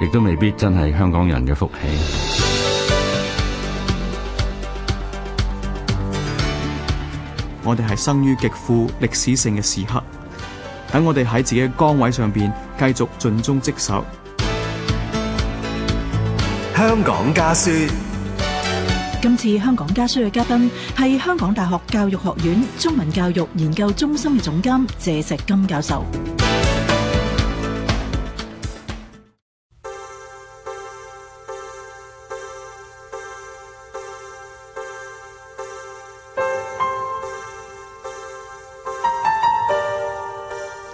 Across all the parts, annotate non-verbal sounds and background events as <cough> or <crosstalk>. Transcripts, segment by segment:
亦都未必真係香港人嘅福氣。 <noise> <noise> 我哋係生於極富歷史性嘅時刻，等我哋喺自己嘅崗位上邊繼續盡忠職守。香港家書。今次香港家書嘅嘉賓係香港大學教育學院中文教育研究中心嘅總監謝錫金教授。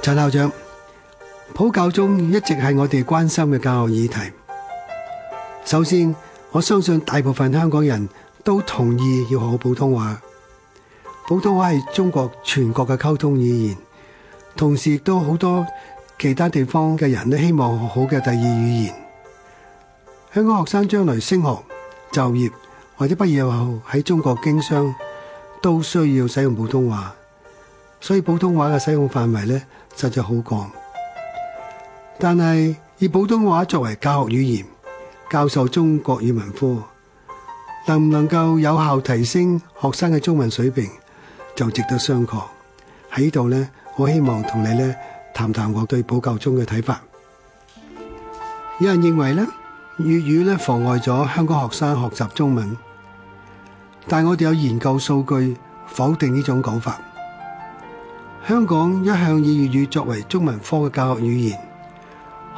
陳校長，普教中一直係我哋關心嘅教學議題。首先，我相信大部分香港人都同意要學好普通話。普通話係中國全國嘅溝通語言，同時亦都好多其他地方嘅人都希望學好嘅第二語言。香港學生將來升學、就業或者畢業後喺中國經商，都需要使用普通話。所以普通話嘅使用範圍咧，實在好廣。但係以普通話作為教學語言，教授中國語文科，能唔能夠有效提升學生嘅中文水平，就值得商榷。喺度咧，我希望同你咧談談我對普教中嘅睇法。有人認為咧，粵語咧妨礙咗香港學生學習中文，但係我哋有研究數據否定呢種講法。香港一向以粵語作為中文科嘅教學語言，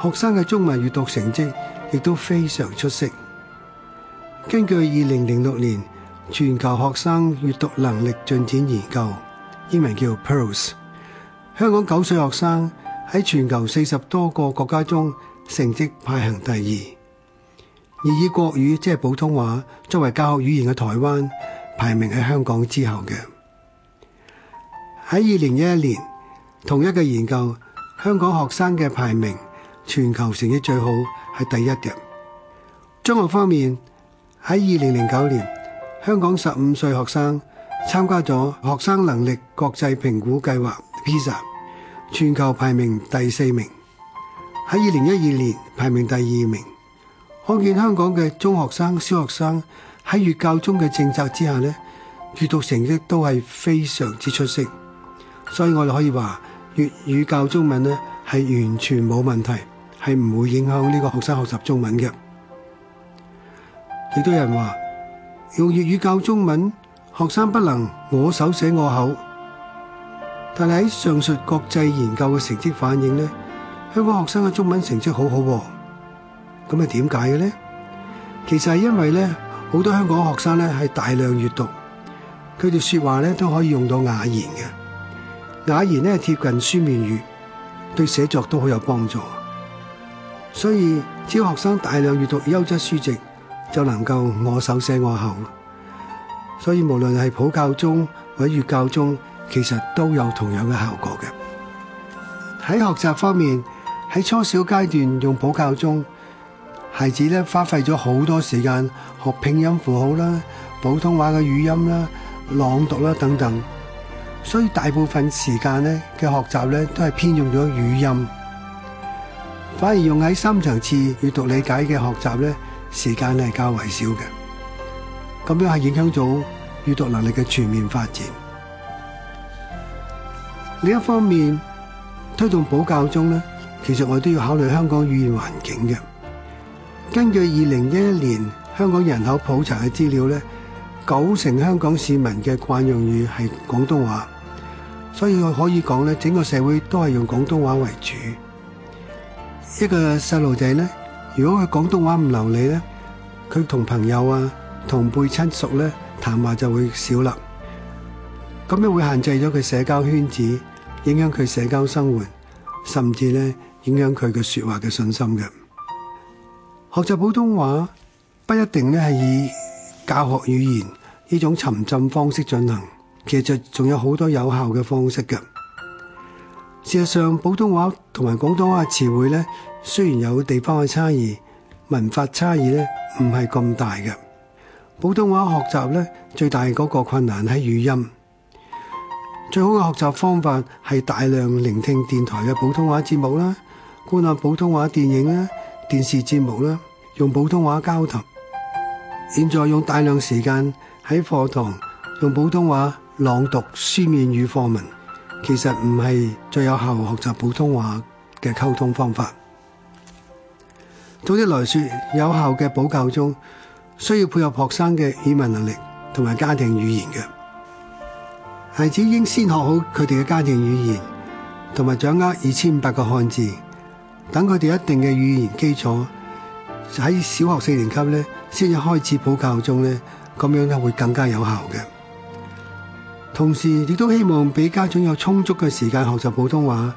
學生嘅中文閱讀成績亦都非常出色。根據二零零六年全球學生閱讀能力進展研究（英文叫 PIRLS），香港九歲學生喺全球四十多個國家中成績排行第二，而以國語即係、就是、普通話作為教學語言嘅台灣，排名喺香港之後嘅。喺二零一一年，同一嘅研究，香港學生嘅排名全球成績最好係第一人。中學方面，喺二零零九年，香港十五歲學生參加咗學生能力國際評估計劃 （PISA），全球排名第四名。喺二零一二年，排名第二名。可見香港嘅中學生、小學生喺粵教中嘅政策之下呢，閱讀成績都係非常之出色。所以我哋可以話粵語教中文咧，係完全冇問題，係唔會影響呢個學生學習中文嘅。亦都有人話用粵語教中文，學生不能我手寫我口。但係喺上述國際研究嘅成績反應咧，香港學生嘅中文成績好好啊喎。咁係點解嘅咧？其實係因為咧，好多香港學生咧係大量閱讀，佢哋説話咧都可以用到雅言嘅。雅言咧貼近書面語，對寫作都好有幫助。所以只要學生大量閱讀優質書籍，就能夠我手寫我口。所以無論係普教中或者粵教中，其實都有同樣嘅效果嘅。喺學習方面，喺初小階段用普教中，孩子咧花費咗好多時間學拼音符號啦、普通話嘅語音啦、朗讀啦等等。所以大部分時間咧嘅學習咧都係偏用咗語音，反而用喺深層次閱讀理解嘅學習咧時間係較為少嘅，咁樣係影響咗閱讀能力嘅全面發展。另一方面，推動普教中咧，其實我都要考慮香港語言環境嘅。根據二零一一年香港人口普查嘅資料咧，九成香港市民嘅慣用語係廣東話。所以我可以講，咧，整個社會都係用廣東話為主。一個細路仔咧，如果佢廣東話唔流利咧，佢同朋友啊、同輩親屬咧談話，就會少啦。咁樣會限制咗佢社交圈子，影響佢社交生活，甚至咧影響佢嘅說話嘅信心嘅。學習普通話不一定咧係以教學語言呢種沉浸方式進行。其實仲有好多有效嘅方式嘅。事實上，普通話同埋廣東話嘅詞彙呢，雖然有地方嘅差異、文化差異呢，唔係咁大嘅。普通話學習呢，最大嗰個困難係語音。最好嘅學習方法係大量聆聽電台嘅普通話節目啦，觀看普通話電影啦、電視節目啦，用普通話交談。現在用大量時間喺課堂用普通話。朗讀書面語課文，其實唔係最有效學習普通話嘅溝通方法。總的來說，有效嘅普教中，需要配合學生嘅語文能力同埋家庭語言嘅。孩子應先學好佢哋嘅家庭語言，同埋掌握二千五百個漢字，等佢哋一定嘅語言基礎，喺小學四年級咧，先至開始普教中咧，咁樣咧會更加有效嘅。同時，亦都希望俾家長有充足嘅時間學習普通話，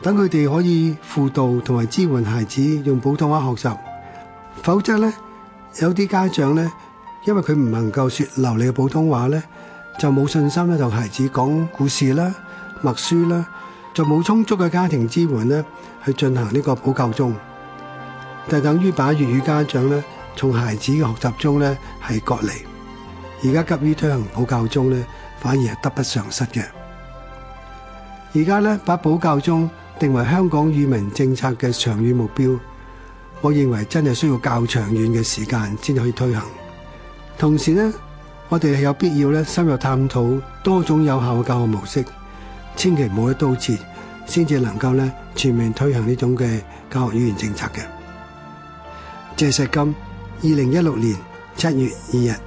等佢哋可以輔導同埋支援孩子用普通話學習。否則呢，有啲家長呢，因為佢唔能夠説流利嘅普通話呢，就冇信心咧，同孩子講故事啦、默書啦，就冇充足嘅家庭支援呢，去進行呢個普教中，但等於把粵語家長呢，從孩子嘅學習中呢，係隔離。而家急於推行普教中呢。反而係得不償失嘅。而家咧，把普教中定為香港語文政策嘅長遠目標，我認為真係需要較長遠嘅時間先可以推行。同時呢，我哋係有必要咧深入探討多種有效嘅教學模式，千祈唔好一刀切，先至能夠咧全面推行呢種嘅教學語言政策嘅。謝錫金，二零一六年七月二日。